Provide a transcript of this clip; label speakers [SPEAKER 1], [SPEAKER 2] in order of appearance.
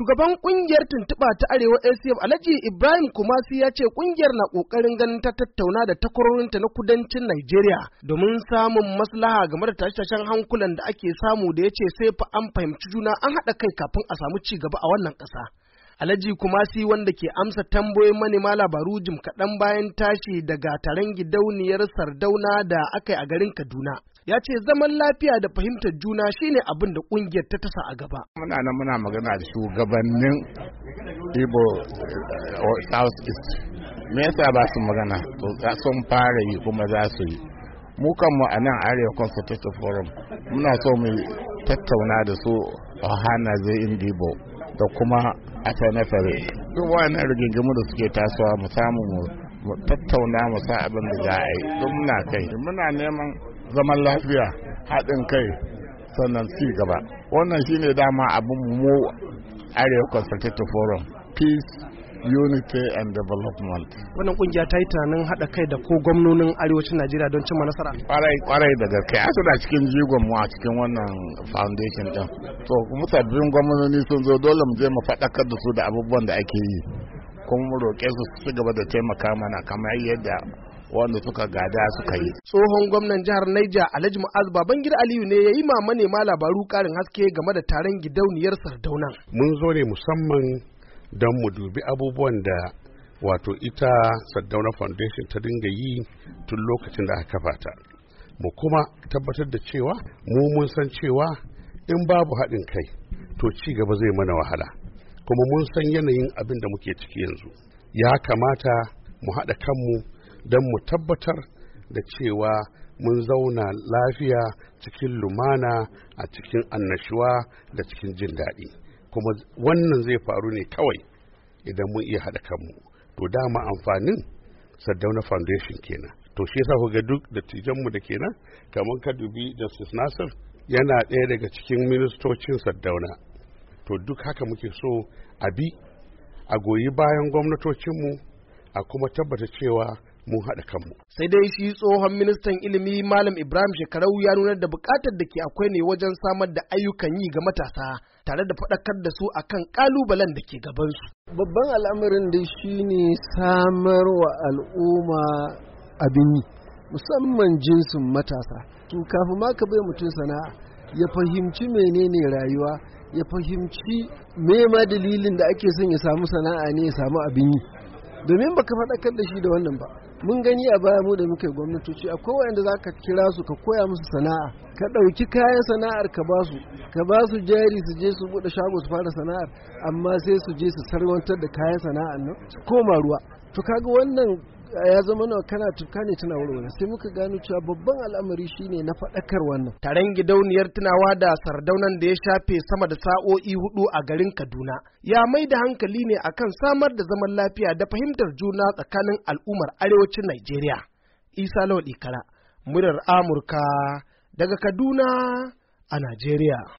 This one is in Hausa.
[SPEAKER 1] Shugaban kungiyar tuntuɓa ta Arewa ACF Alhaji Ibrahim Kumasi ya ce kungiyar na ƙoƙarin ganin ta tattauna da takwarorinta na kudancin Najeriya domin samun maslaha game da tashashen hankulan da ake samu da ya ce sai fa an fahimci juna an haɗa kai kafin a samu ci gaba a wannan ƙasa. Alhaji Kumasi wanda ke amsa tambayoyin manema labaru jim kaɗan bayan tashi daga taron gidauniyar Sardauna da aka yi a garin Kaduna. ya ce zaman lafiya da fahimtar juna shine abin da ƙungiyar ta tasa a gaba. Muna
[SPEAKER 2] nan muna magana da shugabannin Ibo eh, eh, South East. Me yasa ba su magana? Sun fara yi kuma za su yi. Mu kanmu a nan Arewa Constitution Forum muna so mu tattauna da su Ohana zai Indibo da kuma Atanefere. Duk wannan rigingimu da suke tasowa mu samu mu tattauna mu sa abin da za a yi. Duk muna kai. Muna neman zaman lafiya haɗin kai sannan ci gaba wannan shine dama abin mu arewa consultative forum peace unity and development
[SPEAKER 1] wannan kungiya ta yi tunanin haɗa kai da ko gwamnonin arewacin najeriya don cimma nasara
[SPEAKER 2] kwarai kwarai da gaske a da cikin jigon mu a cikin wannan foundation din to kuma sabbin gwamnoni sun zo dole mu je mu faɗakar da su da abubuwan da ake yi kuma mu roƙe su su gaba da taimaka mana kamar yadda wanda suka gada suka yi.
[SPEAKER 1] Tsohon gwamnan jihar Niger Alhaji Mu'az Babangida Aliyu ne ya yi ma manema labaru karin haske game da taron gidauniyar Sardauna.
[SPEAKER 2] Mun zo
[SPEAKER 3] ne musamman don mu dubi abubuwan da wato ita Sardauna Foundation ta dinga yi tun lokacin da aka kafa ta. Mu kuma tabbatar da cewa mu mun san cewa in babu haɗin kai to ci gaba zai mana wahala. Kuma mun san yanayin abin da muke ciki yanzu. Ya kamata mu haɗa kanmu don mu tabbatar da cewa mun zauna lafiya cikin lumana a cikin annashuwa da cikin jin daɗi kuma wannan zai faru ne kawai idan mun iya haɗa kanmu to dama amfanin Saddauna foundation kenan to shi yasa ga duk dattijanmu da kenan kamar ka dubi justice nasir yana ɗaya daga cikin ministocin Saddauna to duk haka muke so a bi a goyi bayan gwamnatocinmu a kuma tabbata cewa mun haɗa kanmu.
[SPEAKER 1] Sai dai shi tsohon ministan ilimi Malam Ibrahim Shekarau ya nunar da buƙatar da ke akwai ne wajen samar da ayyukan yi ga matasa tare da faɗakar da su akan
[SPEAKER 4] ƙalubalen da ke gabansu. Babban al'amarin da shi ne samar wa al'umma abin yi, musamman jinsin matasa. To kafin ma ka bai mutum sana'a ya fahimci menene rayuwa ya fahimci me ma dalilin da ake son ya samu sana'a ne ya samu abin yi. domin baka faɗakar da shi da wannan ba mun gani a baya mu da muke gwamnatoci akwai wanda za ka kira su ka koya musu sana'a ka ɗauki kayan sana'ar ka ba su ka ba su jari su je su buɗe shago su fara sana'ar amma sai su je su sarwantar da kayan sana'ar nan su koma ruwa to kaga wannan ya zama nawa kana tuka ne tana warware sai muka gano cewa babban al'amari shine na faɗakar wannan
[SPEAKER 1] taron gidauniyar tunawa da sardaunan da ya shafe sama da sa'o'i hudu a garin kaduna ya mai da hankali ne akan samar da zaman lafiya da fahimtar juna tsakanin al'ummar arewacin najeriya isa lawal ikara murar amurka daga kaduna a najeriya